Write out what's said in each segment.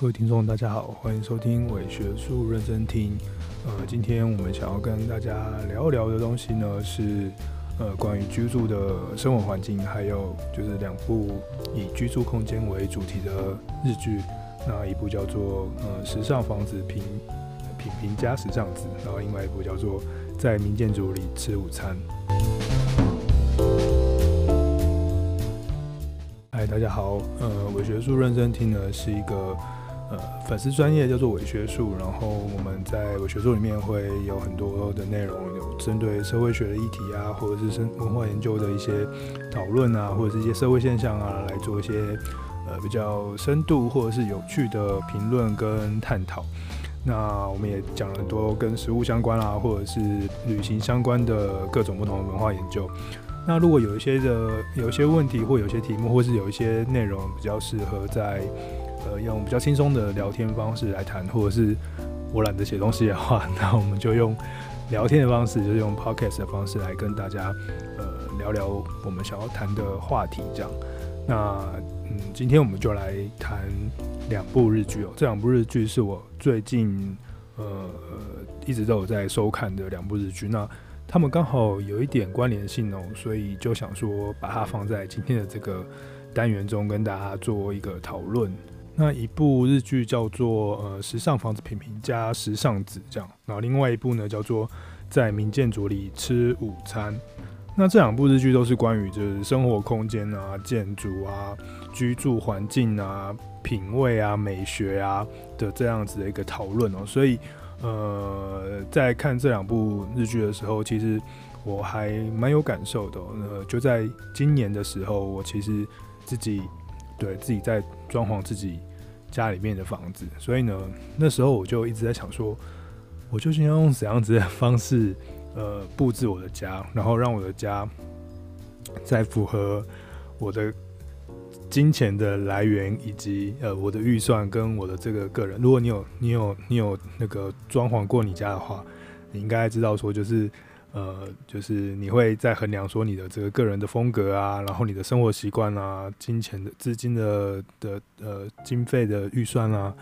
各位聽眾，大家好，歡迎收聽偽學術認真聽。呃，今天我們想要跟大家聊一聊的東西呢，是呃關於居住的生活環境，還有就是兩部以居住空間為主題的日劇。那一部叫做《呃時尚房子品品評家時尚子》，然後另外一部叫做《在名建築裡吃午餐》。嗯、嗨，大家好，呃，偽學術認真聽呢是一個。呃，粉絲專頁叫做偽學術，然後我們在偽學術裡面會有很多的內容，有針對社會學的議題啊，或者是生文化研究的一些討論啊，或者是一些社會現象啊，來做一些呃比較深度或者是有趣的評論跟探討。那我們也講了很多跟食物相關啊，或者是旅行相關的各種不同的文化研究。那如果有一些的有一些問題或有些題目，或是有一些內容比較適合在呃，用比較輕鬆的聊天方式來談，或者是我懶得寫東西的話，那我們就用聊天的方式，就是用 podcast 的方式來跟大家呃聊聊我們想要談的話題。這樣，那嗯，今天我們就來談兩部日劇哦。這兩部日劇是我最近呃呃一直都有在收看的兩部日劇，那他們剛好有一點關聯性哦，所以就想說把它放在今天的這個單元中跟大家做一個討論。那一部日劇叫做《呃時尚房子品評家時尚子》這樣，然後另外一部呢叫做《在名建築裡吃午餐》。那這兩部日劇都是關於就是生活空間啊、建築啊、居住環境啊、品味啊、美學啊的這樣子的一個討論哦。所以，呃，在看這兩部日劇的時候，其實我還蠻有感受的喔。那就在今年的時候，我其實自己對自己在。裝潢自己家裡面的房子，所以呢，那時候我就一直在想說，我究竟要用怎樣子的方式，呃，布置我的家，然後讓我的家再符合我的金錢的來源以及呃我的預算跟我的這個個人。如果你有你有你有那個裝潢過你家的話，你應該知道說就是。呃，就是你會在衡量說你的這個個人的風格啊，然後你的生活習慣啊，金錢的資金的的，的呃經費的預算啊，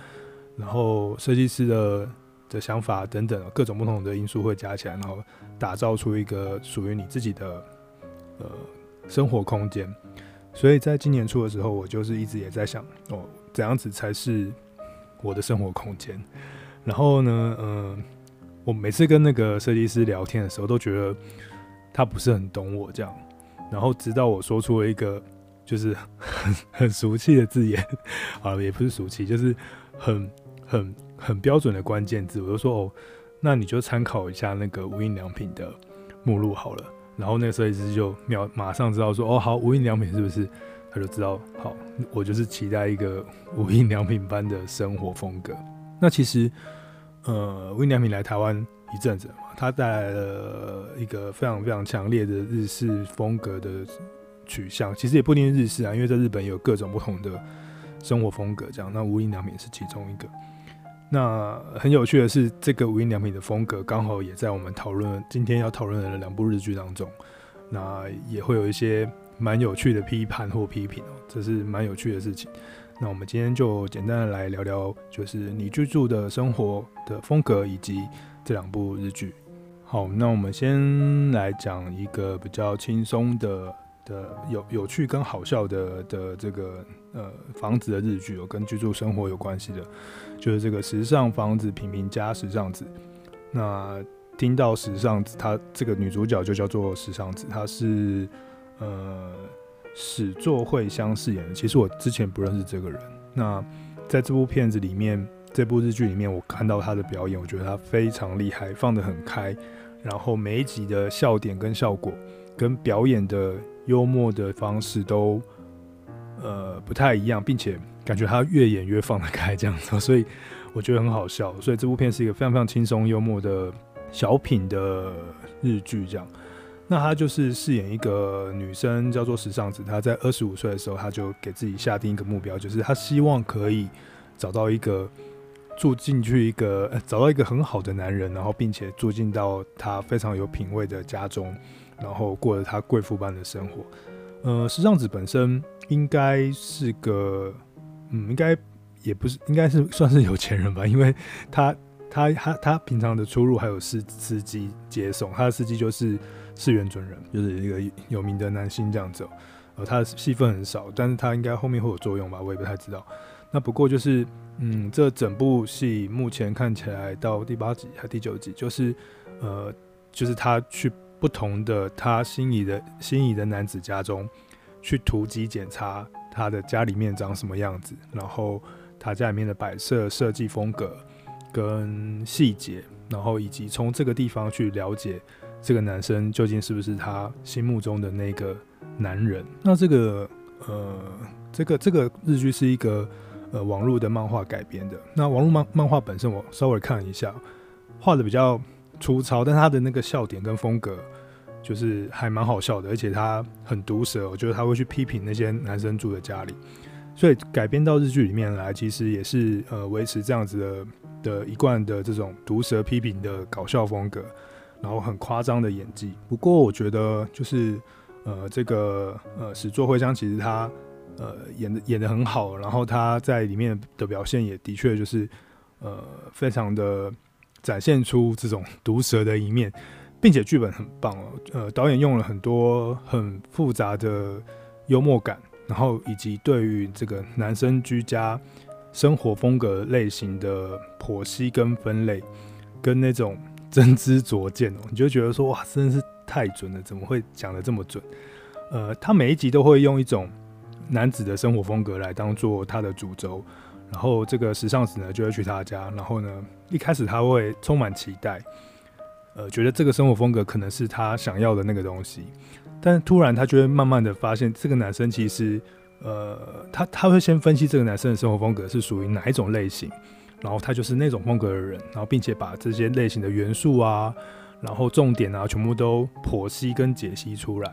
然後設計師的的想法等等各種不同的因素會加起來，然後打造出一個屬於你自己的呃生活空間。所以在今年初的時候，我就是一直也在想，哦，怎樣子才是我的生活空間？然後呢，嗯、呃。我每次跟那個設計師聊天的時候，都覺得他不是很懂我這樣。然後直到我說出了一個就是很很俗氣的字眼，啊，也不是俗氣，就是很很很標準的關鍵字。我就說哦，那你就參考一下那個無印良品的目錄好了。然後那個設計師就秒馬上知道說哦，好，無印良品是不是？他就知道好，我就是期待一個無印良品般的生活風格。那其實。呃，無印良品來台灣一陣子了嘛，他帶來了一個非常非常強烈的日式風格的取向。其實也不一定是日式啊，因為在日本有各種不同的生活風格，這樣。那無印良品是其中一個。那很有趣的是，這個無印良品的風格剛好也在我們討論今天要討論的兩部日劇當中，那也會有一些蠻有趣的批判或批評哦，這是蠻有趣的事情。那我們今天就簡單的來聊聊，就是你居住的生活的風格以及這兩部日劇。好，那我們先來講一個比較輕鬆的的有有趣跟好笑的的這個呃房子的日劇，有跟居住生活有關係的，就是這個《時尚房子品評家時尚子》。那聽到“時尚子”，她這個女主角就叫做“時尚子”，她是呃。史作會相飾演的，其實我之前不認識這個人。那在這部片子裡面，這部日劇裡面，我看到他的表演，我覺得他非常厲害，放得很開。然後每一集的笑點跟效果，跟表演的幽默的方式都呃不太一樣，並且感覺他越演越放得開，這樣子，所以我覺得很好笑。所以這部片是一個非常非常輕鬆幽默的小品的日劇，這樣。那他就是飾演一個女生，叫做時尚子。她在二十五歲的時候，她就給自己下定一個目標，就是她希望可以找到一個住進去一個、欸、找到一個很好的男人，然後並且住進到她非常有品味的家中，然後過着她貴婦般的生活。呃，時尚子本身應該是個，嗯，應該也不是，應該是算是有錢人吧，因為她她她她平常的出入還有司司機接送，她的司機就是。是原准人，就是一個有名的男性這樣子哦，呃，他的戲份很少，但是他應該後面會有作用吧？我也不太知道。那不過就是，嗯，這整部戲目前看起來到第八集還第九集，就是，呃，就是他去不同的他心儀的心儀的男子家中，去突擊檢查他的家裡面長什麼樣子，然後他家裡面的擺設設計風格跟細節，然後以及從這個地方去了解。這個男生究竟是不是他心目中的那個男人？那這個呃，這個這個日劇是一個呃網絡的漫畫改編的。那網絡漫漫畫本身我稍微看一下，畫的比較粗糙，但他的那個笑點跟風格就是還蠻好笑的，而且他很毒舌，我覺得他會去批評那些男生住的家裡。所以改編到日劇裡面來，其實也是呃維持這樣子的的一貫的這種毒舌批評的搞笑風格。然後很誇張的演技，不過我覺得就是，呃，這個呃始作惠香其實他呃，演得演的很好，然後他在裡面的表現也的確就是，呃，非常的展現出這種毒舌的一面，並且劇本很棒哦，呃，導演用了很多很複雜的幽默感，然後以及對於這個男生居家生活風格類型的剖析跟分類，跟那種。真知灼見哦、喔，你就覺得說，哇，真是太準了，怎麼會講得這麼準？呃，他每一集都會用一種男子的生活風格來當做他的主軸，然後這個時尚子呢，就會去他家，然後呢一開始他會充滿期待，呃，覺得這個生活風格可能是他想要的那個東西，但突然他就會慢慢的發現這個男生其實，呃，他他會先分析這個男生的生活風格是屬於哪一種類型。然後他就是那種風格的人，然後並且把這些類型的元素啊，然後重點啊，全部都剖析跟解析出來。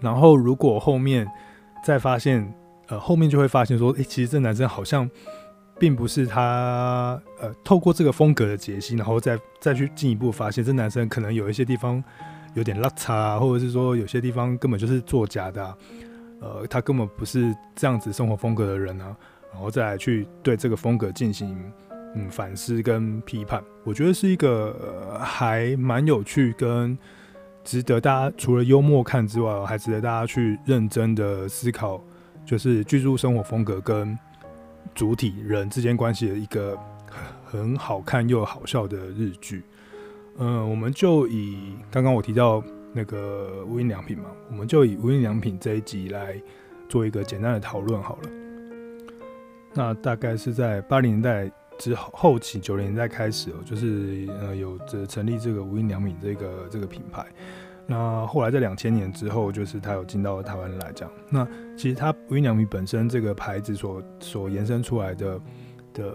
然後如果後面再發現，呃，後面就會發現說，誒，其實這男生好像並不是他，呃，透過這個風格的解析，然後再再去進一步發現，這男生可能有一些地方有點落差啊，或者是說有些地方根本就是作假的啊，呃，他根本不是這樣子生活風格的人啊。然後再來去對這個風格進行嗯，反思跟批判，我覺得是一個、呃、還蠻有趣跟值得大家除了幽默看之外，還值得大家去認真的思考，就是居住生活風格跟主體人之間關係的一個很好看又好笑的日劇。嗯、呃，我們就以剛剛我提到那個無印良品嘛，我們就以無印良品這一集來做一個簡單的討論好了。那大概是在八零年代之後後期九零年代開始哦，就是呃有這成立這個無印良品這個這個品牌。那後來在兩千年之後，就是它有進到了台灣來。這樣，那其實它無印良品本身這個牌子所所延伸出來的的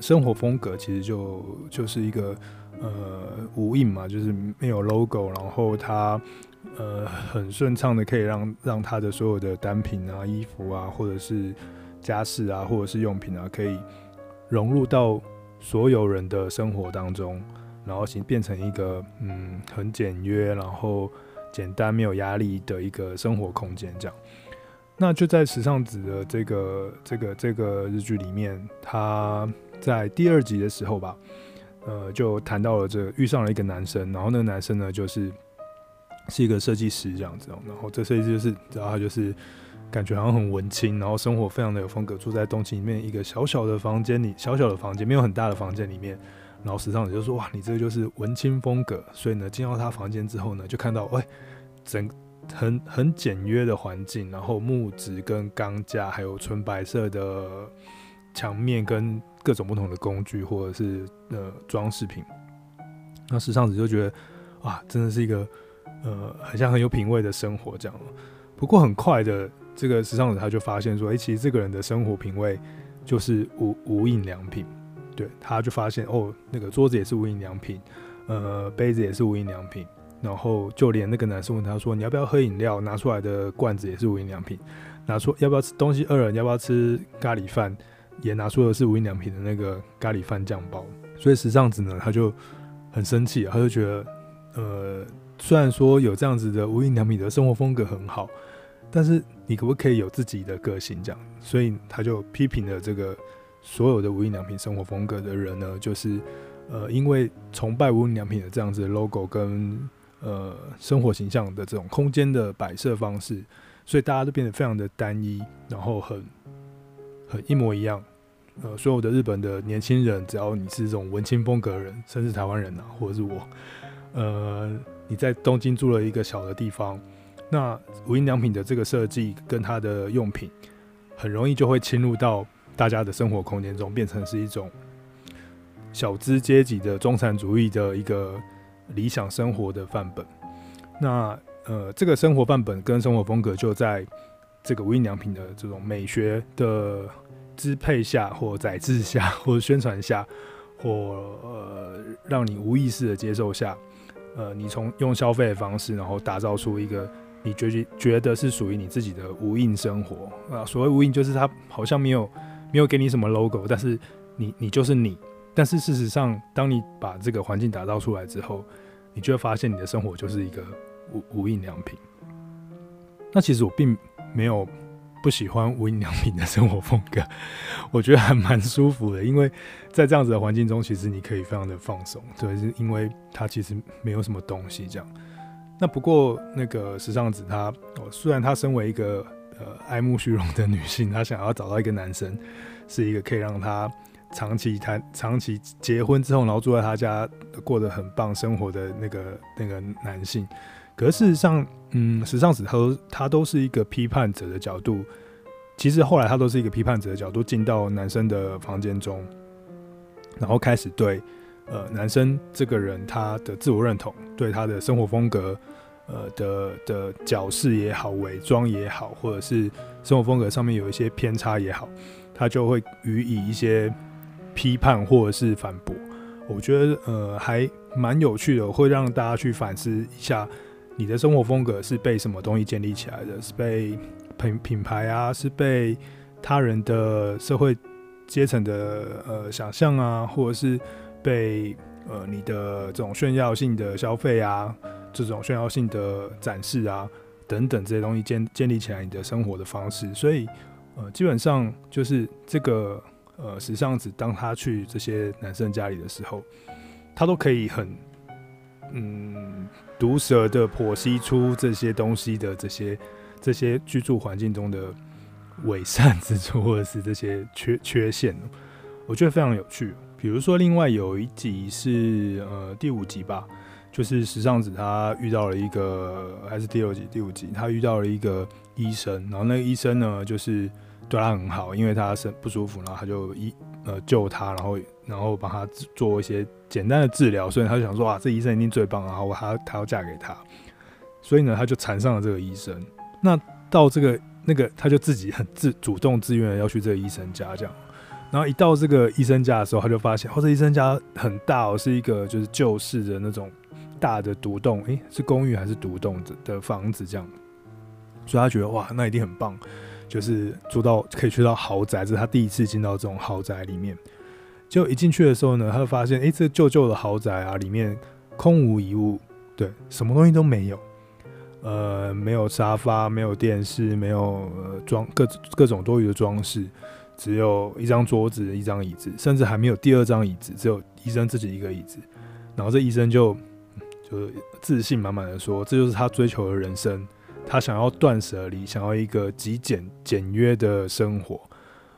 生活風格，其實就就是一個呃無印嘛，就是沒有 logo，然後它呃很順暢的可以讓讓它的所有的單品啊、衣服啊，或者是。家事啊，或者是用品啊，可以融入到所有人的生活當中，然後形變成一個嗯，很簡約，然後簡單沒有壓力的一個生活空間。這樣，那就在《時尚子》的這個這個這個日劇裡面，他在第二集的時候吧，呃，就談到了這個、遇上了一個男生，然後那個男生呢，就是是一個設計師這樣子，然後這設計師就是然後、啊、就是。感覺好像很文青，然後生活非常的有風格，住在東京裡面一個小小的房間裡，小小的房間沒有很大的房間裡面，然後時尚子就說：“哇，你這個就是文青風格。”所以呢，進到他房間之後呢，就看到哎、欸，整很很簡約的環境，然後木質跟鋼架，還有純白色的牆面跟各種不同的工具或者是呃裝飾品。那時尚子就覺得啊，真的是一個呃，很像很有品味的生活這樣。不過很快的。這個時尚子他就發現說，誒、欸，其實這個人的生活品味就是無無印良品。對，他就發現哦，那個桌子也是無印良品，呃，杯子也是無印良品，然後就連那個男生問他說，你要不要喝飲料？拿出來的罐子也是無印良品，拿出要不要吃東西餓了，要不要吃咖喱飯？也拿出的是無印良品的那個咖喱飯醬包。所以時尚子呢，他就很生氣，他就覺得，呃，雖然說有這樣子的無印良品的生活風格很好。但是你可不可以有自己的個性這樣？所以他就批評了這個所有的無印良品生活風格的人呢，就是呃，因為崇拜無印良品的這樣子的 logo 跟呃生活形象的這種空間的擺設方式，所以大家都變得非常的單一，然後很很一模一樣。呃，所有的日本的年輕人，只要你是這種文青風格的人，甚至台灣人啊，或者是我，呃，你在東京住了一個小的地方。那無印良品的這個設計跟它的用品，很容易就會侵入到大家的生活空間中，變成是一種小資階級的中產主義的一個理想生活的範本。那呃，這個生活範本跟生活風格就在這個無印良品的這種美學的支配下，或宰制下，或宣傳下，或呃讓你無意識的接受下，呃，你從用消費的方式，然後打造出一個。你覺覺覺得是屬於你自己的無印生活啊，所謂無印就是它好像沒有沒有給你什麼 logo，但是你你就是你，但是事實上，當你把這個環境打造出來之後，你就會發現你的生活就是一個無無印良品。那其實我並沒有不喜歡無印良品的生活風格，我覺得還蠻舒服的，因為在這樣子的環境中，其實你可以非常的放鬆，對，是因為它其實沒有什麼東西這樣。那不過，那個時尚子他哦，雖然他身為一個呃愛慕虛榮的女性，她想要找到一個男生，是一個可以讓她長期談、長期結婚之後，然後住在他家過得很棒生活的那個那個男性。可是事實上，嗯，時尚子他都他都是一個批判者的角度，其實後來他都是一個批判者的角度進到男生的房間中，然後開始對。呃，男生這個人他的自我認同，對他的生活風格，呃的的角色也好，偽裝也好，或者是生活風格上面有一些偏差也好，他就會予以一些批判或者是反駁。我覺得呃還蠻有趣的，會讓大家去反思一下，你的生活風格是被什麼東西建立起來的？是被品品牌啊，是被他人的社會階層的呃想象啊，或者是？被呃你的這種炫耀性的消費啊，這種炫耀性的展示啊，等等這些東西建建立起來你的生活的方式，所以呃基本上就是這個呃時尚子當他去這些男生家裡的時候，他都可以很嗯毒舌的剖析出這些東西的這些這些居住環境中的偽善之處或者是這些缺缺陷，我覺得非常有趣。比如說，另外有一集是呃第五集吧，就是時尚子他遇到了一個，還是第六集第五集，他遇到了一個醫生，然後那個醫生呢就是對他很好，因為他身不舒服，然後他就醫呃救他，然後然後幫他做一些簡單的治療，所以他就想說啊，這醫生一定最棒然後啊，我他他要嫁給他，所以呢，他就纏上了這個醫生，那到這個那個他就自己很自主動自願的要去這個醫生家這樣。然後一到這個醫生家的時候，他就發現，哦，這醫生家很大哦，是一個就是舊式的那種大的獨棟，誒，是公寓還是獨棟的的房子這樣？所以他覺得哇，那一定很棒，就是住到可以去到豪宅，這是他第一次進到這種豪宅裡面。就一進去的時候呢，他就發現，誒，這舊舊的豪宅啊，裡面空無一物，對，什麼東西都沒有，呃，沒有沙發，沒有電視，沒有、呃、裝各各種多餘的裝飾。只有一張桌子、一張椅子，甚至還沒有第二張椅子，只有醫生自己一個椅子。然後這醫生就就是自信滿滿的說：“這就是他追求的人生，他想要斷捨離，想要一個極簡簡約的生活。”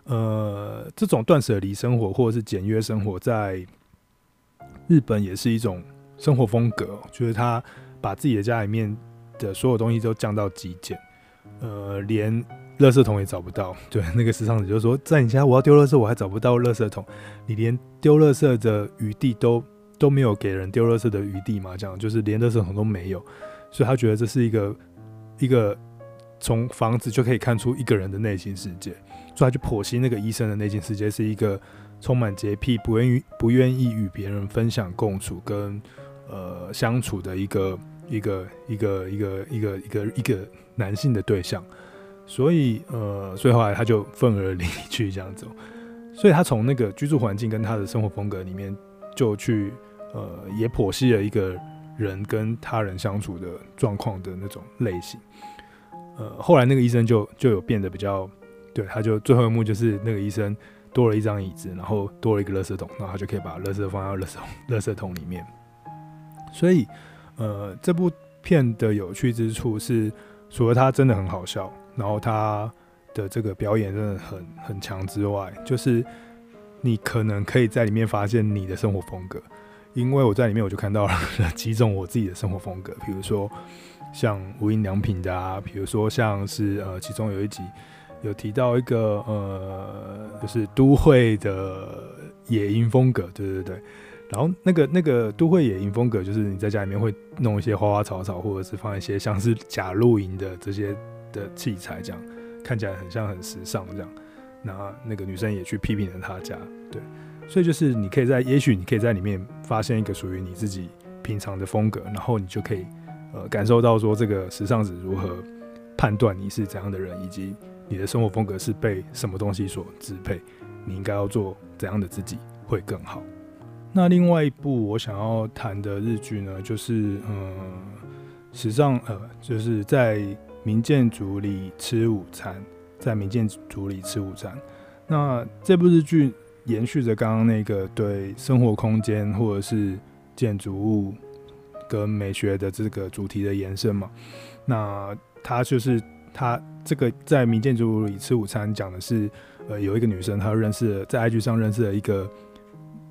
呃，這種斷捨離生活或者是簡約生活在日本也是一種生活風格，就是他把自己的家裡面的所有東西都降到極簡，呃，連，垃圾桶也找不到，對，那個時尚子就說，在你家我要丟垃圾，我還找不到垃圾桶，你連丟垃圾的餘地都都沒有給人丟垃圾的餘地嗎？這樣就是連垃圾桶都沒有，所以他覺得這是一個一個從房子就可以看出一個人的內心世界，所以他就剖析那個醫生的內心世界是一個充滿潔癖、不願意不願意與別人分享共處跟呃相處的一個一個一個一個一個一個一個男性的對象。所以，呃，所以後來他就憤而離去，這樣子。所以他從那個居住環境跟他的生活風格裡面，就去，呃，也剖析了一個人跟他人相處的狀況的那種類型。呃，後來那個醫生就就有變得比較，對，他就最後一幕就是那個醫生多了一張椅子，然後多了一個垃圾桶，然後他就可以把垃圾放到垃圾桶，垃圾桶裡面。所以，呃，這部片的有趣之處是，除了他真的很好笑。然後他的這個表演真的很很強之外，就是你可能可以在裡面發現你的生活風格，因為我在裡面我就看到了幾種我自己的生活風格，比如說像無印良品的、啊，比如說像是呃，其中有一集有提到一個呃，就是都會的野營風格，對對對，然後那個那個都會野營風格就是你在家裡面會弄一些花花草草，或者是放一些像是假露營的這些。的器材，這樣看起來很像很時尚這樣，那那個女生也去批評了他家，對，所以就是你可以在也許你可以在裡面發現一個屬於你自己平常的風格，然後你就可以呃感受到說這個時尚子如何判斷你是怎樣的人，以及你的生活風格是被什麼東西所支配，你應該要做怎樣的自己會更好。那另外一部我想要談的日劇呢，就是嗯，時尚呃就是在。名建築裡吃午餐，在名建築裡吃午餐。那這部日劇延續着剛剛那個對生活空間或者是建築物跟美學的這個主題的延伸嘛？那他就是他這個在名建築裡吃午餐，講的是呃有一個女生她認識了，在 IG 上認識了一個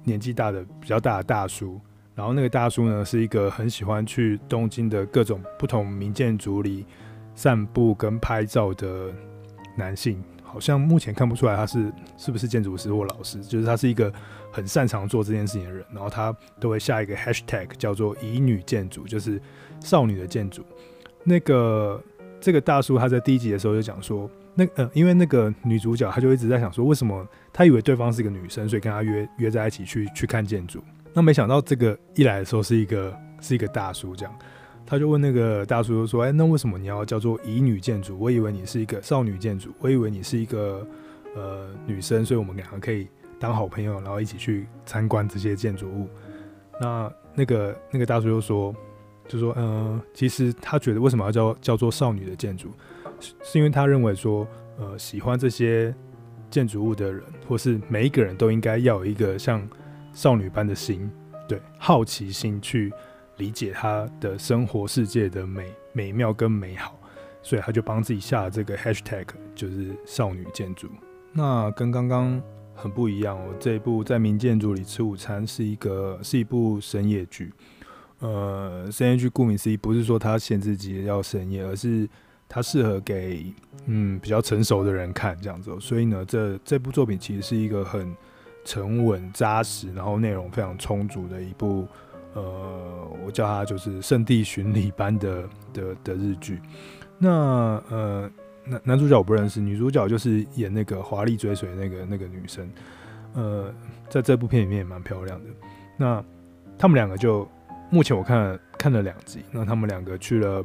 年紀大的比較大的大叔，然後那個大叔呢是一個很喜歡去東京的各種不同名建築裡。散步跟拍照的男性，好像目前看不出來他是是不是建築師或老師，就是他是一個很擅長做這件事情的人，然後他都會下一個 hashtag 叫做“乙女建築”，就是少女的建築。那個這個大叔他在第一集的時候就講說，那呃，因為那個女主角他就一直在想說，為什麼他以為對方是一個女生，所以跟他約約在一起去去看建築，那沒想到這個一來的時候是一個是一個大叔這樣。他就問那個大叔，就說：“哎，那為什麼你要叫做‘乙女建築’？我以為你是一個少女建築，我以為你是一個呃女生，所以我們兩個可以當好朋友，然後一起去參觀這些建築物。”那那個那個大叔又說，就說：“嗯，其實他覺得為什麼要叫叫做少女的建築，是是因為他認為說，呃，喜歡這些建築物的人，或是每一個人都應該要有一個像少女般的心，對，好奇心去。”理解他的生活世界的美美妙跟美好，所以他就幫自己下了這個 hashtag，就是少女建築。那跟剛剛很不一樣哦。這一部在名建築裡吃午餐是一個是一部深夜劇。呃，深夜劇顧名思義不是說它限制級要深夜，而是它適合給嗯比較成熟的人看這樣子哦。所以呢，這這部作品其實是一個很沉穩扎實，然後內容非常充足的一部。呃，我叫他就是聖地巡禮般的的的日劇。那呃，男男主角我不認識，女主角就是演那個華麗追隨那個那個女生。呃，在這部片裡面也蠻漂亮的。那他們兩個就目前我看了看了兩集。那他們兩個去了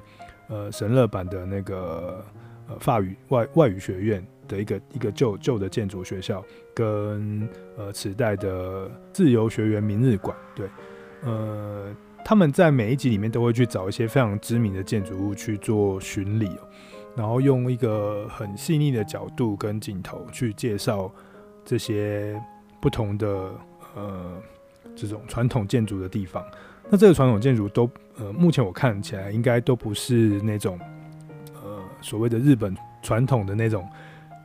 呃神樂坂的那個呃法語外外語學院的一個一個舊舊的建築學校，跟呃池袋的自由學園明日館對。呃，他們在每一集裡面都會去找一些非常知名的建築物去做巡禮哦，然後用一個很細膩的角度跟鏡頭去介紹這些不同的呃這種傳統建築的地方。那這個傳統建築都呃，目前我看起來應該都不是那種呃所謂的日本傳統的那種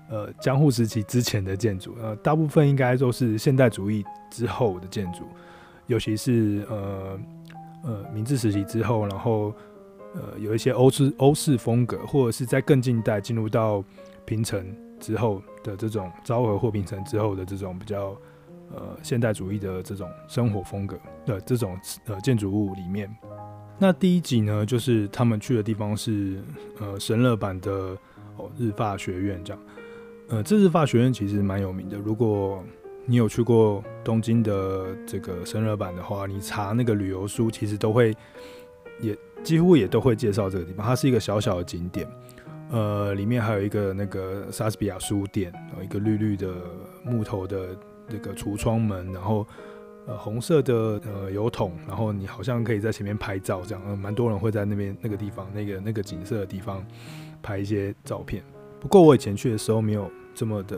呃江戶時期之前的建築，呃，大部分應該都是現代主義之後的建築。尤其是呃呃明治時期之後，然後呃有一些歐式歐式風格，或者是在更近代進入到平成之後的這種昭和或平成之後的這種比較呃現代主義的這種生活風格的這種呃建築物裡面。那第一集呢，就是他們去的地方是呃神樂坂的、哦、日法學院，這樣。呃，這日法學院其實蠻有名的，如果。你有去過東京的這個神樂坂的話，你查那個旅遊書，其實都會也幾乎也都會介紹這個地方。它是一個小小的景點，呃，裡面還有一個那個莎士比亞書店，然後一個綠綠的木頭的那個櫥窗門，然後呃紅色的呃油桶，然後你好像可以在前面拍照，這樣蠻多人會在那邊那個地方那個那個景色的地方拍一些照片。不過我以前去的時候沒有。這麼的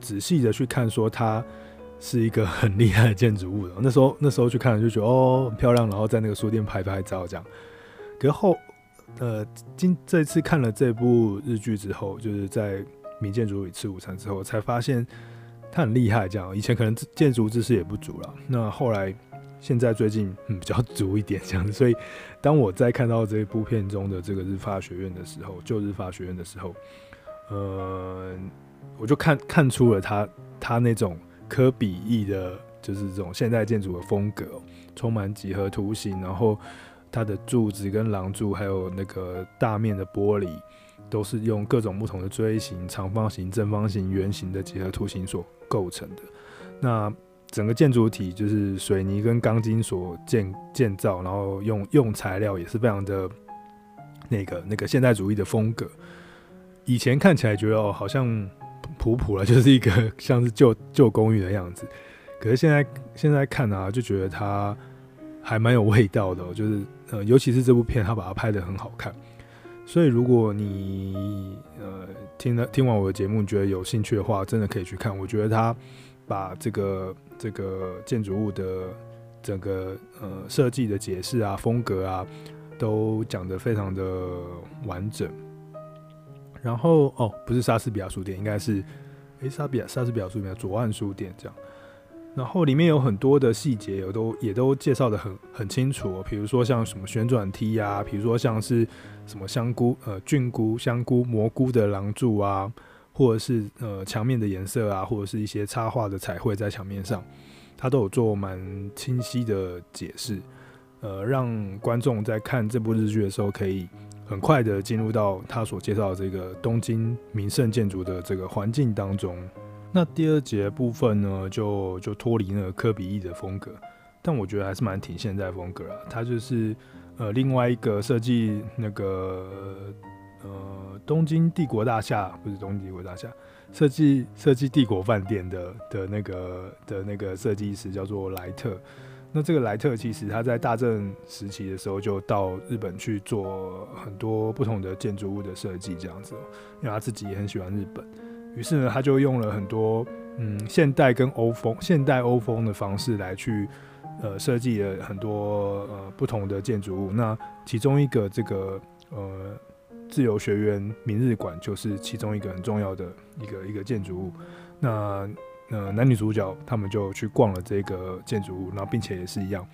仔細的去看，說它是一個很厲害的建築物的。那時候那時候去看了，就覺得哦，很漂亮，然後在那個書店拍拍照這樣。可是後，呃，今這次看了這部日劇之後，就是在名建築裡吃午餐之後，才發現它很厲害這樣。以前可能建築知識也不足了，那後來現在最近嗯比較足一點這樣。所以當我在看到這一部片中的這個日法學院的時候，舊日法學院的時候。呃，我就看看出了他他那種柯比意的，就是這種現代建築的風格，充滿幾何圖形，然後它的柱子跟廊柱，還有那個大面的玻璃，都是用各種不同的錐形、長方形、正方形、圓形的幾何圖形所構成的。那整個建築體就是水泥跟鋼筋所建建造，然後用用材料也是非常的那個、那個、那個現代主義的風格。以前看起來覺得哦，好像普普了，就是一個像是舊舊公寓的樣子。可是現在現在看啊，就覺得它還蠻有味道的哦。就是呃，尤其是這部片，他把它拍得很好看。所以如果你呃聽了聽完我的節目，你覺得有興趣的話，真的可以去看。我覺得他把這個這個建築物的整個呃設計的解釋啊、風格啊，都講得非常的完整。然後哦，不是莎士比亞書店，應該是誒、欸，莎士莎士比亞書店，左岸書店這樣。然後裡面有很多的細節，我都也都介紹得很很清楚、哦。比如說像什麼旋轉梯呀、啊，比如說像是什麼香菇、呃菌菇、香菇、蘑菇的廊柱啊，或者是呃牆面的顏色啊，或者是一些插畫的彩繪在牆面上，它都有做蠻清晰的解釋，呃，讓觀眾在看這部日劇的時候可以。很快的進入到他所介紹的這個東京名勝建築的這個環境當中。那第二節部分呢，就，就就脫離了柯比意的風格，但我覺得還是蠻挺現代風格啊。他就是呃另外一個設計那個呃東京帝國大廈，不是東京帝國大廈，設計設計帝國飯店的的那個的那個設計師叫做萊特。那這個萊特其實他在大正時期的時候就到日本去做很多不同的建築物的設計，這樣子，因為他自己也很喜歡日本，於是呢，他就用了很多嗯現代跟歐風、現代歐風的方式來去呃設計了很多呃不同的建築物。那其中一個這個呃自由學園明日館就是其中一個很重要的一個一個建築物。那呃，男女主角他們就去逛了這個建築物，然後並且也是一樣，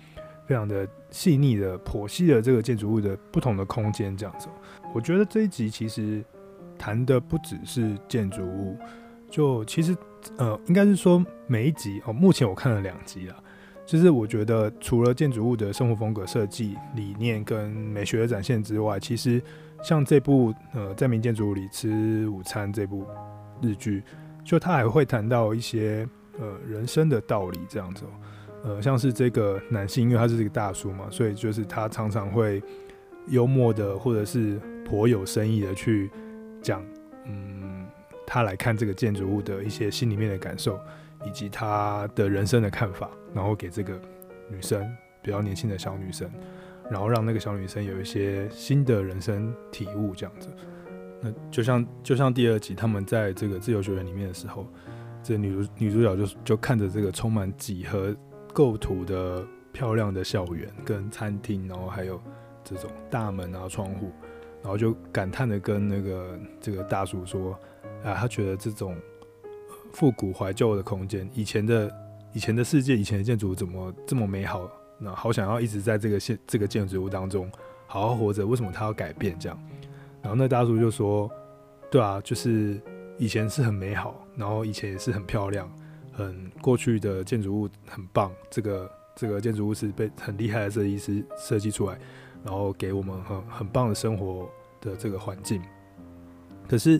非常的細膩的剖析了這個建築物的不同的空間。這樣子，我覺得這一集其實談的不只是建築物，就其實呃，應該是說每一集哦，目前我看了兩集了，就是我覺得除了建築物的生活風格設計理念跟美學的展現之外，其實像這部呃，在名建築物裡吃午餐這部日劇。就他還會談到一些呃人生的道理這樣子哦，呃像是這個男性，因為他是這個大叔嘛，所以就是他常常會幽默的或者是頗有深意的去講，嗯，他來看這個建築物的一些心裡面的感受，以及他的人生的看法，然後給這個女生比較年輕的小女生，然後讓那個小女生有一些新的人生體悟這樣子。那就像就像第二集，他們在這個自由學院裡面的時候，這女主女主角就就看着這個充滿幾何構圖的漂亮的校園跟餐廳，然後還有這種大門啊窗戶，然後就感嘆的跟那個這個大叔說，啊，他覺得這種復古懷舊的空間，以前的以前的世界，以前的建築怎麼這麼美好，那好想要一直在這個現這個建築物當中好好活着，為什麼他要改變這樣？然後那大叔就說：“對啊，就是以前是很美好，然後以前也是很漂亮，很、嗯、過去的建築物很棒。這個這個建築物是被很厲害的設計師設計出來，然後給我們很很棒的生活的這個環境。可是，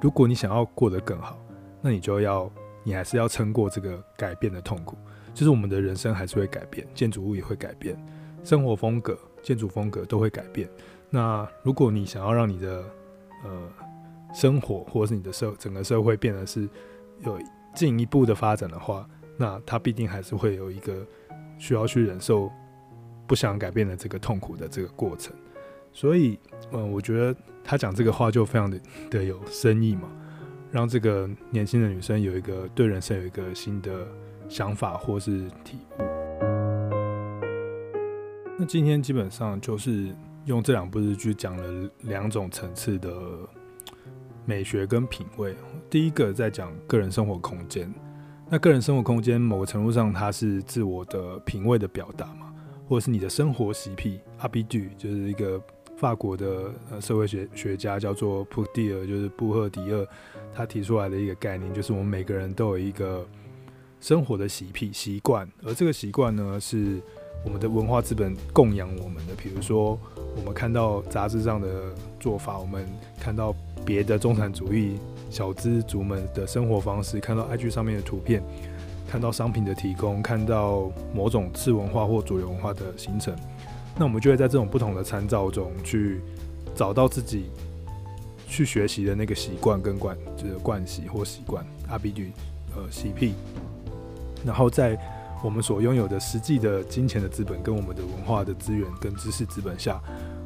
如果你想要過得更好，那你就要你還是要撐過這個改變的痛苦。就是我們的人生還是會改變，建築物也會改變，生活風格、建築風格都會改變。”那如果你想要讓你的呃生活或者是你的社整個社會變得是有進一步的發展的話，那他必定還是會有一個需要去忍受不想改變的這個痛苦的這個過程。所以，嗯，我覺得他講這個話就非常的的有深意嘛，讓這個年輕的女生有一個對人生有一個新的想法或是體悟。那今天基本上就是。用這兩部日劇講了兩種層次的美學跟品味。第一個在講個人生活空間，那個人生活空間某個程度上，它是自我的品味的表達嘛，或者是你的生活習癖。阿 p 就是一個法國的社會學學家叫做布迪厄，就是布赫迪厄，他提出來的一個概念，就是我們每個人都有一個生活的習癖習慣，而這個習慣呢是。我們的文化資本供養我們的，比如說我們看到雜誌上的做法，我們看到別的中產主義小資族們的生活方式，看到 IG 上面的圖片，看到商品的提供，看到某種次文化或主流文化的形成，那我們就會在這種不同的參照中去找到自己去學習的那個習慣跟慣就是慣習或習慣 RPG、啊、呃習癖，然後再。我們所擁有的實際的金錢的資本，跟我們的文化的資源，跟知識資本下，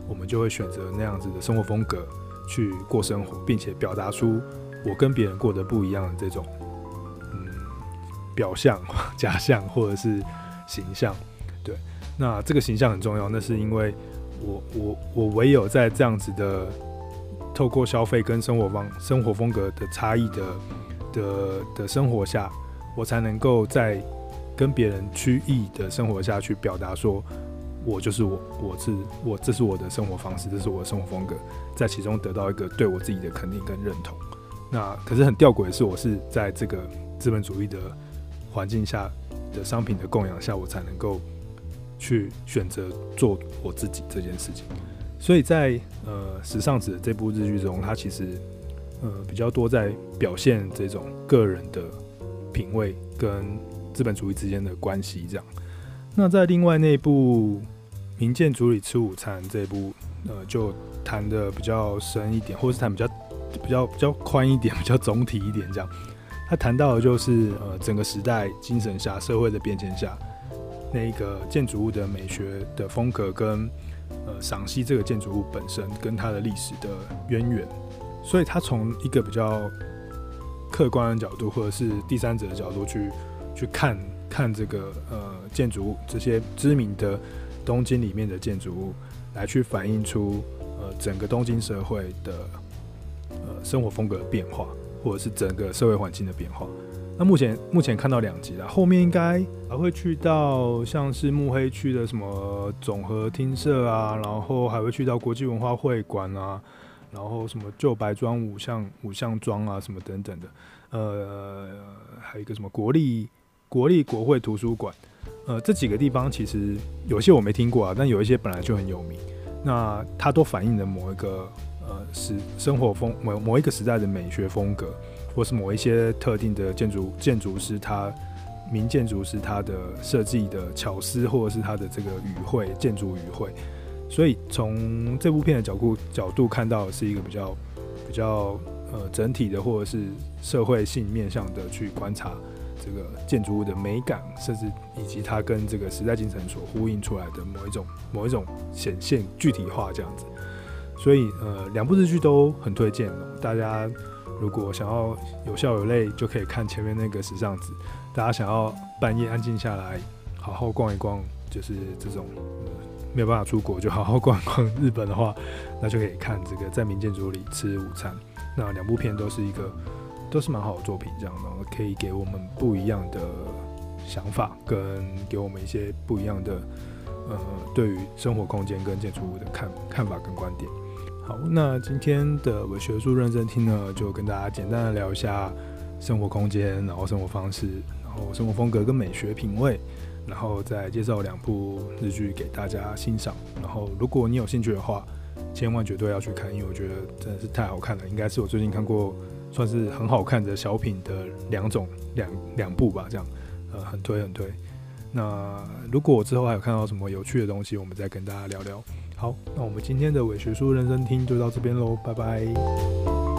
我們就會選擇那樣子的生活風格去過生活，並且表達出我跟別人過得不一樣的這種嗯表象，假象或者是形象。對，那這個形象很重要，那是因為我我我唯有在這樣子的透過消費跟生活方生活風格的差異的，的，的，的生活下，我才能夠在。跟別人區異的生活下去，表達說，我就是我，我是我，這是我的生活方式，這是我的生活風格，在其中得到一個對我自己的肯定跟認同。那可是很吊詭的是，我是在這個資本主義的環境下、的商品的供養下，我才能夠去選擇做我自己這件事情。所以在呃《時尚子》這部日劇中，它其實呃比較多在表現這種個人的品味跟。資本主義之間的關係，這樣。那在另外那部《名建築裡吃午餐》這一部，呃，就談得比較深一點，或是談比較比較比較寬一點，比較總體一點這樣。他談到的就是，呃，整個時代精神下，社會的變遷下，那個建築物的美學的風格跟呃賞析這個建築物本身跟它的歷史的淵源。所以，他從一個比較客觀的角度，或者是第三者的角度去。去看看這個呃建築物，這些知名的東京裡面的建築物，來去反映出呃整個東京社會的呃生活風格的變化，或者是整個社會環境的變化。那目前目前看到兩集了，後面應該還會去到像是目黑區的什麼總合廳舍啊，然後還會去到國際文化會館啊，然後什麼舊白洲、武相武相莊啊，什麼等等的，呃，還有一個什麼國立。國立國會圖書館，呃，這幾個地方其實有些我沒聽過啊，但有一些本來就很有名。那它都反映了某一個呃時生活風，某某一個時代的美學風格，或是某一些特定的建築建築師他，他名建築師，他的設計的巧思，或者是他的這個語彙，建築語彙。所以從這部片的角度角度，看到，是一個比較比較呃整體的，或者是社會性面向的去觀察，這個建築物的美感，甚至以及它跟這個時代精神所呼應出來的某一種、某一種顯現、具體化這樣子，所以呃，兩部日劇都很推薦哦。大家如果想要有笑有淚，就可以看前面那個《時尚子》；大家想要半夜安靜下來，好好逛一逛，就是這種、呃、沒有辦法出國，就好好逛一逛日本的話，那就可以看這個《在名建築裡吃午餐》。那兩部片都是一個。都是蠻好的作品，這樣的可以給我們不一樣的想法，跟給我們一些不一樣的呃，對於生活空間跟建築物的看看法跟觀點。好，那今天的文學書認真聽呢，就跟大家簡單的聊一下生活空間，然後生活方式，然後生活風格跟美學品味，然後再介紹兩部日劇給大家欣賞。然後如果你有興趣的話，千萬絕對要去看，因為我覺得真的是太好看了，應該是我最近看過。算是很好看的小品的兩種兩兩部吧，這樣，呃，很推很推。那如果我之後還有看到什麼有趣的東西，我們再跟大家聊聊。好，那我們今天的偽學術認真聽就到這邊嘍，拜拜。